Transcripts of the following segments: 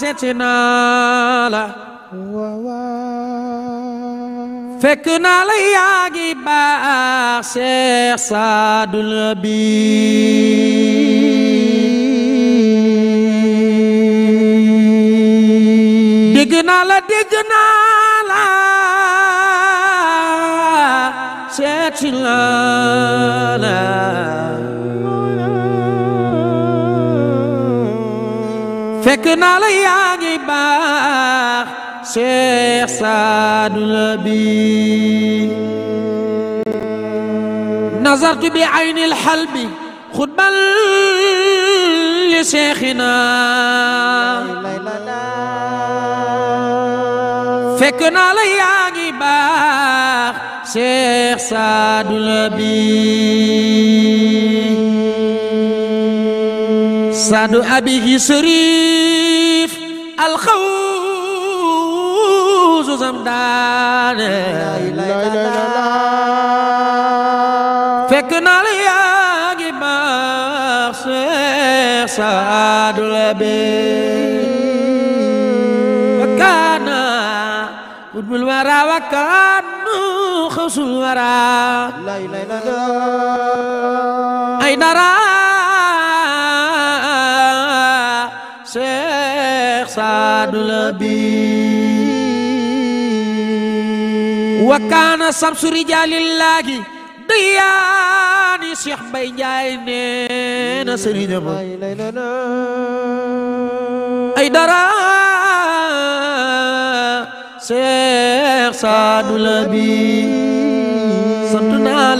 seeti naa la fekk naa la yaa ngi Saadu Labiib la fekk naa la yaa ngi baax Cheikh Saadu Labi nazartu bi ayni alxalbi xutbal li cheikhina fekk naa la yaa ngi baax Cheikh Saadu Labi سعد أبيه شريف الخوز زمدان لا لا لا لا فكنا لياغي بخش سعد الأبي وكان قدم الورى وكان خوص لا لا لا لا أين رأى saadu la bi wa kaana samsu diyaani Cheikh Mbaye Ndiaye nee ay dara Cheikh saadu la bi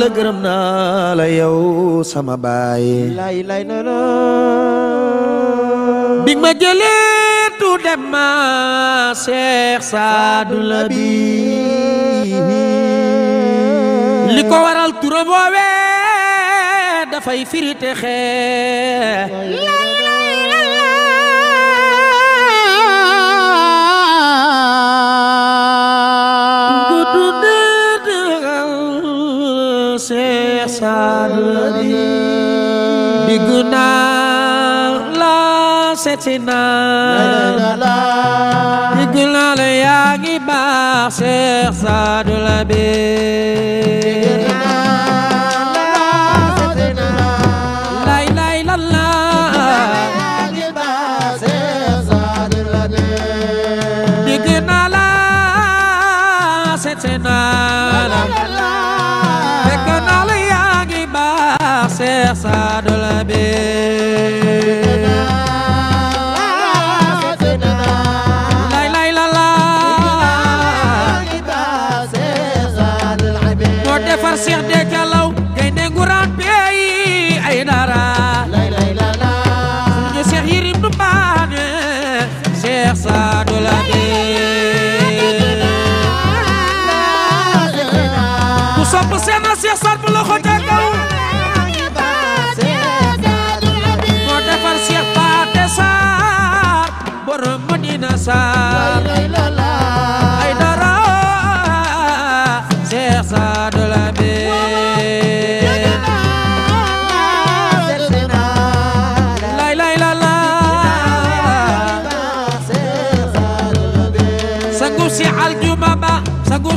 la gërëm la yow sama baay. bi ma jëlee. du dem ma Cheikh Saadu Labi li ko waral turam woowee dafay firi te xee Cheikh Saadu Labi ci naa digg la yaa ngi baax Cheikh Sadou Labe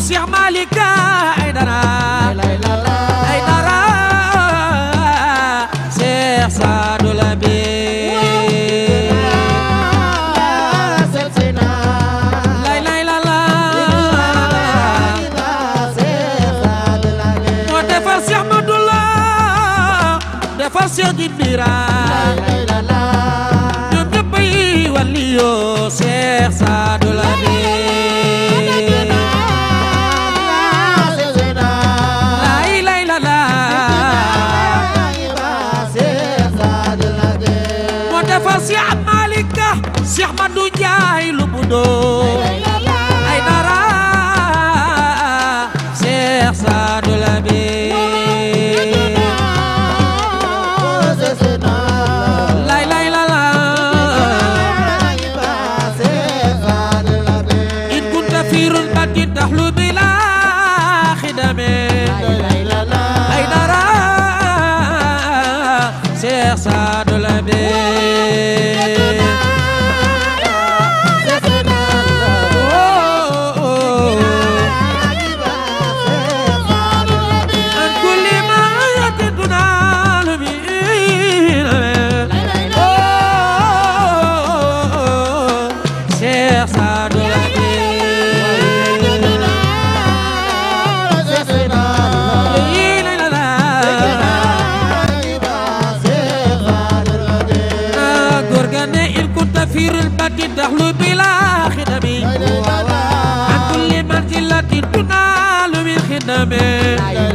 Cheikh Malika ay dara ay dara Cheikh Sadou Labi defar Cheikh Madoula defar Cheikh Dibira Cheikh Badou Ndiaye lu bu doo sëriñ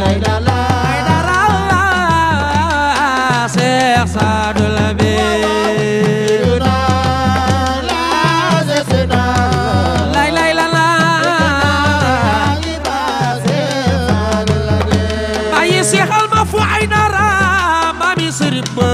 ma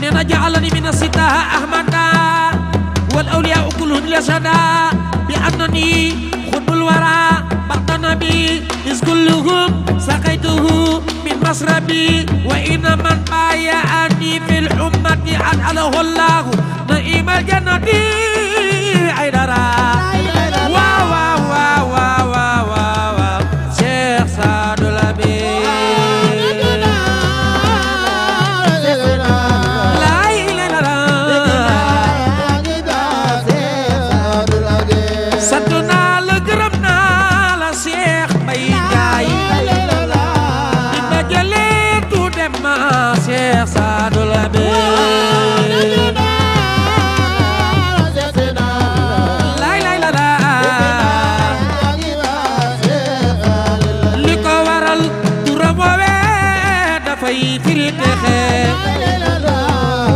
nee na jaalani min asitaha ahmada wal awliyaa kulluhum lashada bi annani xutbul wara baxda nabi is kulluhum saqaytuhu min masrabi wa inna man bayaani fil ummati an alahu allahu naimal jannati fay firi texe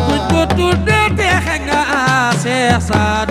buñ ko tuddee nga seex saa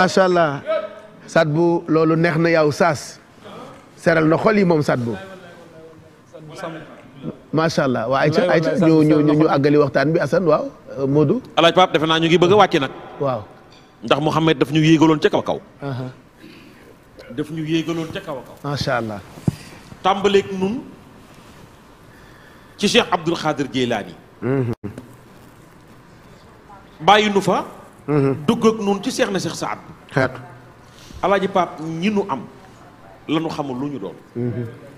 macha allah sat bu loolu neex na yaw saas seral na xol yi moom Sadbu macha allah waa ayca ayca ñu ñu àggali waxtaan bi Assane waaw euh, Modou. alaaj Pape defe naa ñu ngi bëgg a wàcc nag. waaw ndax Mouhamed daf ñu yéegaloon ca kaw kaw. ñu yéegaloon ca kaw kaw. macha allah. tàmbaleeg nun ci Cheikh Abdoul Khadir Jeylaani. Mhm. bàyyi nu fa. Mm-hmm. dugg ak nun ci seex na seex saat xeetu alaaji paap ñi nu am lanu xamul lu ñu doon mm-hmm.